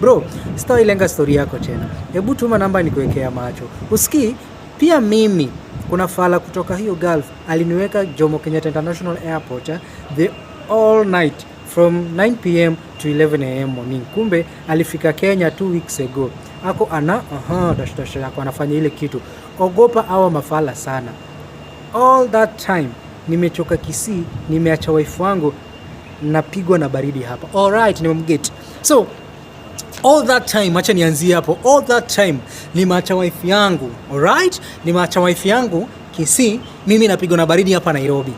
Bro, sitawahi stori yako tena, hebu tuma namba nikuwekea macho. Usikii pia mimi kuna fala kutoka hiyo Gulf aliniweka Jomo Kenyatta International Airport eh, the all night from 9 pm to 11 am morning. Kumbe alifika Kenya two weeks ago. Ako ana aha dash dash anafanya ile kitu. Ogopa awa mafala sana. All that time nimechoka Kisii, nimeacha waifu wangu napigwa na baridi hapa. alright nimemget. So all that time, acha nianzie hapo. All that time nimeacha wife yangu, alright, nimeacha wife yangu Kisii, mimi napigwa na baridi hapa Nairobi.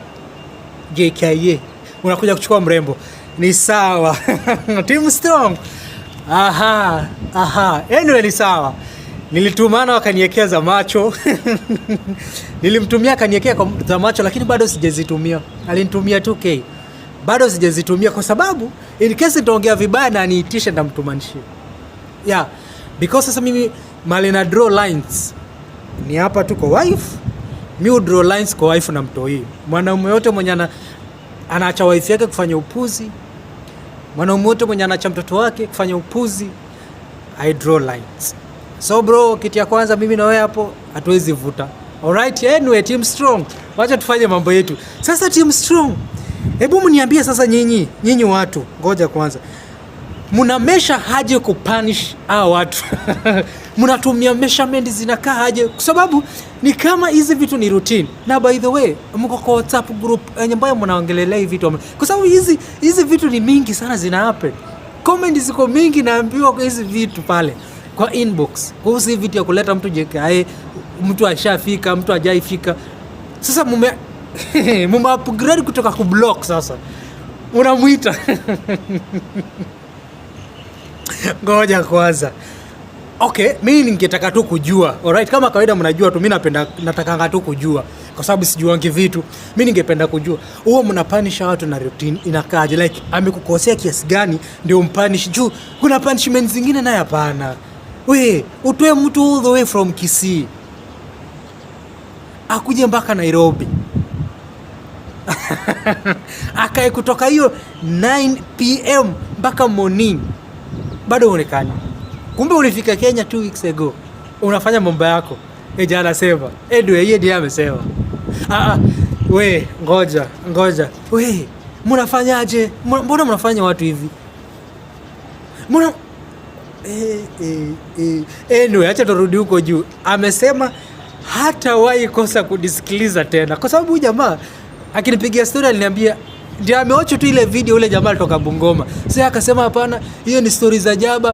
JKA unakuja kuchukua mrembo, ni sawa team strong. Aha, aha, anyway, ni sawa nilitumana wakaniekea za macho nilimtumia akaniekea za macho, lakini bado sijazitumia. Alinitumia 2k bado sijazitumia, kwa sababu in case nitaongea vibaya na aniitishe, nitamtumanishia yeah. Because sasa mimi mali na draw lines ni hapa tu kwa wife, mi draw lines kwa wife na mtoi. Mwanaume yote mwenye anaacha wife yake kufanya upuzi, mwanaume yote mwenye anaacha mtoto wake kufanya upuzi, I draw lines. So bro, kitu ya kwanza mimi na wewe hapo hatuwezi vuta. Alright, anyway, team strong. Wacha tufanye mambo yetu sasa, team strong. Hebu mniambie sasa, nyinyi nyinyi watu, ngoja kwanza mnamesha haje kupanish hawa watu mnatumia measurement zinakaa haje kwa sababu ni kama hizi vitu ni routine na by the way mko kwa whatsapp group yenye eh, ambayo mnaongelelea hii vitu kwa sababu hizi hizi vitu ni mingi sana zina happen comment ziko mingi naambiwa kwa hizi vitu pale kwa inbox kuhusu hii vitu ya kuleta mtu jekae mtu ashafika mtu ajaifika sasa mume mume upgrade kutoka kublock sasa unamwita Ngoja kwanza. Okay, mimi ningetaka tu kujua. Alright, kama kawaida mnajua tu mimi napenda natakanga tu kujua kwa sababu sijuangi vitu. Mimi ningependa kujua huo mnapanisha watu na routine inakaaje? Like amekukosea kiasi gani ndio mpanish? Juu kuna punishment zingine naye hapana. We, utoe mtu all the way from Kisii akuje mpaka Nairobi akae kutoka hiyo 9 pm mpaka morning bado huonekani. Kumbe ulifika Kenya two weeks ago, unafanya mambo yako. Eja eh, anasema Edwe, eh, yeye ndiye amesema. Ah, ah, we ngoja ngoja, we mnafanyaje? Mbona mnafanya watu hivi? Mbona eh, eh, eh. eh acha turudi huko juu. Amesema hatawahi kosa kudisikiliza tena, kwa sababu jamaa akinipigia story aliniambia ndio amewacha tu ile video ule jamaa alitoka Bungoma. Sasa akasema hapana, hiyo ni stori za jaba.